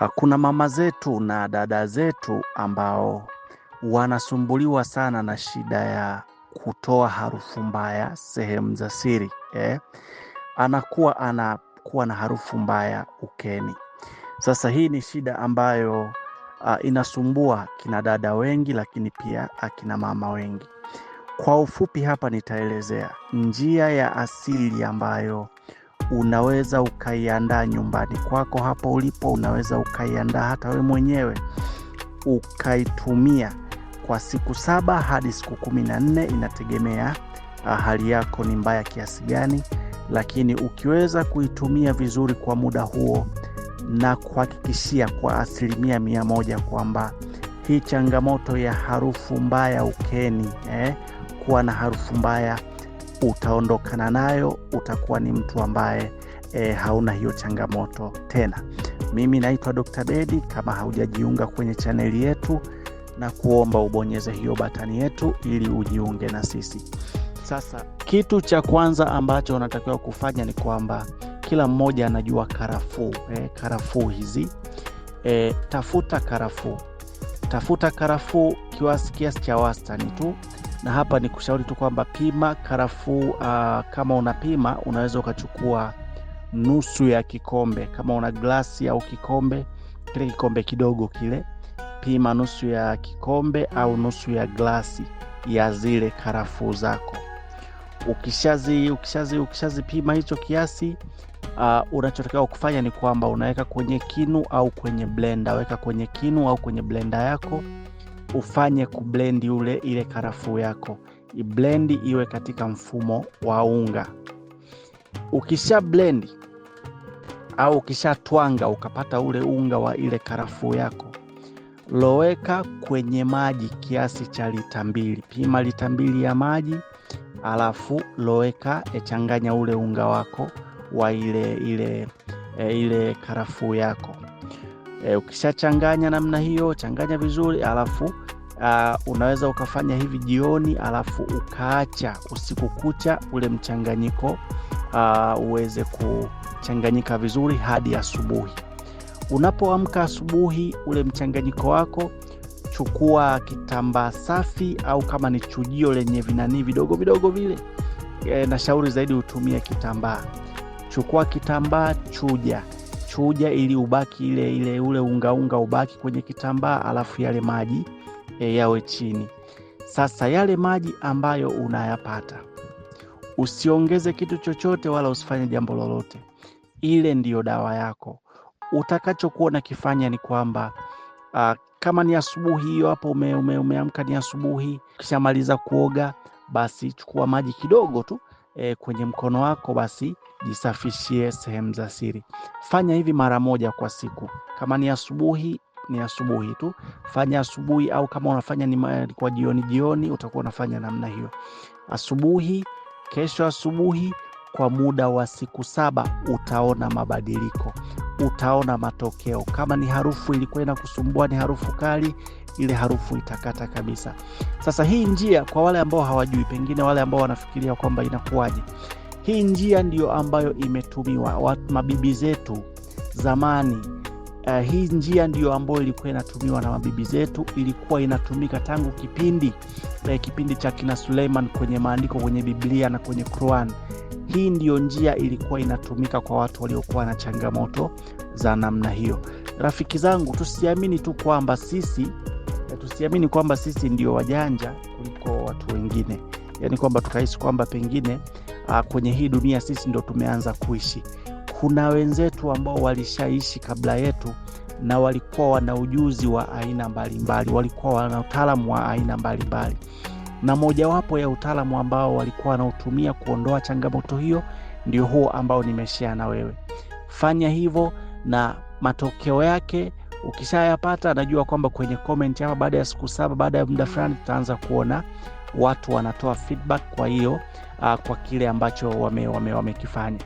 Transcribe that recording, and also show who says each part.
Speaker 1: Ah, kuna mama zetu na dada zetu ambao wanasumbuliwa sana na shida ya kutoa harufu mbaya sehemu za siri eh? Anakuwa anakuwa na harufu mbaya ukeni. Sasa hii ni shida ambayo uh, inasumbua kina dada wengi, lakini pia akina mama wengi. Kwa ufupi hapa nitaelezea njia ya asili ambayo unaweza ukaiandaa nyumbani kwako hapo ulipo, unaweza ukaiandaa hata we mwenyewe ukaitumia kwa siku saba hadi siku kumi na nne inategemea ah, hali yako ni mbaya kiasi gani, lakini ukiweza kuitumia vizuri kwa muda huo na kuhakikishia kwa asilimia mia moja kwamba hii changamoto ya harufu mbaya ukeni eh, kuwa na harufu mbaya utaondokana nayo, utakuwa ni mtu ambaye e, hauna hiyo changamoto tena. Mimi naitwa d Bedi. Kama haujajiunga kwenye chaneli yetu, na kuomba ubonyeze hiyo batani yetu ili ujiunge na sisi. Sasa kitu cha kwanza ambacho unatakiwa kufanya ni kwamba kila mmoja anajua karafuu e, karafuu hizi e, tafuta karafuu tafuta karafuu kiasi kiasi cha wastani tu na hapa ni kushauri tu kwamba pima karafuu. Uh, kama unapima unaweza ukachukua nusu ya kikombe, kama una glasi au kikombe, kile kikombe kidogo kile, pima nusu ya kikombe au nusu ya glasi ya zile karafuu zako. Ukishazi ukishazi ukishazipima hicho kiasi uh, unachotakiwa kufanya ni kwamba unaweka kwenye kinu au kwenye blenda Weka kwenye kinu au kwenye blenda yako ufanye kublendi ule ile karafuu yako, iblendi iwe katika mfumo wa unga. Ukisha blendi au ukishatwanga ukapata ule unga wa ile karafuu yako, loweka kwenye maji kiasi cha lita mbili. Pima lita mbili ya maji, alafu loweka, echanganya ule unga wako wa ile ile e, ile karafuu yako e, ukishachanganya namna hiyo, changanya vizuri, alafu uh, unaweza ukafanya hivi jioni, alafu ukaacha usiku kucha ule mchanganyiko uh, uweze kuchanganyika vizuri hadi asubuhi. Unapoamka asubuhi, ule mchanganyiko wako chukua kitambaa safi au kama ni chujio lenye vinanii vidogo vidogo vile e, na shauri zaidi utumie kitambaa. Chukua kitambaa, chuja chuja ili ubaki ile ile ule ungaunga unga ubaki kwenye kitambaa, alafu yale maji yawe chini. Sasa yale maji ambayo unayapata usiongeze kitu chochote, wala usifanye jambo lolote. Ile ndiyo dawa yako. Utakachokuwa nakifanya ni kwamba uh, kama ni asubuhi hiyo hapo ume, ume, umeamka ni asubuhi, ukishamaliza kuoga basi chukua maji kidogo tu e, kwenye mkono wako, basi jisafishie sehemu za siri. Fanya hivi mara moja kwa siku. Kama ni asubuhi ni asubuhi tu, fanya asubuhi, au kama unafanya ni kwa jioni jioni, utakuwa unafanya namna hiyo, asubuhi, kesho asubuhi, kwa muda wa siku saba, utaona mabadiliko, utaona matokeo. Kama ni harufu ilikuwa inakusumbua, ni harufu kali ile harufu itakata kabisa. Sasa hii njia kwa wale ambao hawajui, pengine wale ambao wanafikiria kwamba inakuwaje, hii njia ndiyo ambayo imetumiwa mabibi zetu zamani Uh, hii njia ndiyo ambayo ilikuwa inatumiwa na mabibi zetu, ilikuwa inatumika tangu kipindi uh, kipindi cha kina Suleiman kwenye maandiko, kwenye Biblia na kwenye Quran. Hii ndiyo njia ilikuwa inatumika kwa watu waliokuwa na changamoto za namna hiyo. Rafiki zangu, tusiamini tu kwamba sisi eh, tusiamini kwamba sisi ndio wajanja kuliko watu wengine, yaani kwamba tukahisi kwamba pengine uh, kwenye hii dunia sisi ndo tumeanza kuishi kuna wenzetu ambao walishaishi kabla yetu na walikuwa wana ujuzi wa aina mbalimbali, walikuwa wana utaalamu wa aina mbalimbali, na mojawapo ya utaalamu ambao walikuwa wanautumia kuondoa changamoto hiyo ndio huo ambao nimeshea na wewe. Fanya hivyo na matokeo yake ukishayapata, najua kwamba kwenye comment hapa, baada ya siku saba, baada ya muda fulani, tutaanza kuona watu wanatoa feedback. Kwa hiyo ah, kwa kile ambacho wame wamekifanya wame